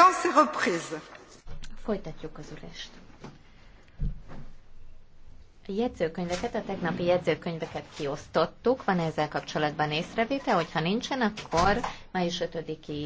séance est reprise. Folytatjuk az ülést. A jegyzőkönyveket, a tegnapi jegyzőkönyveket kiosztottuk. Van ezzel kapcsolatban észrevétel? Hogyha nincsen, akkor május 5-i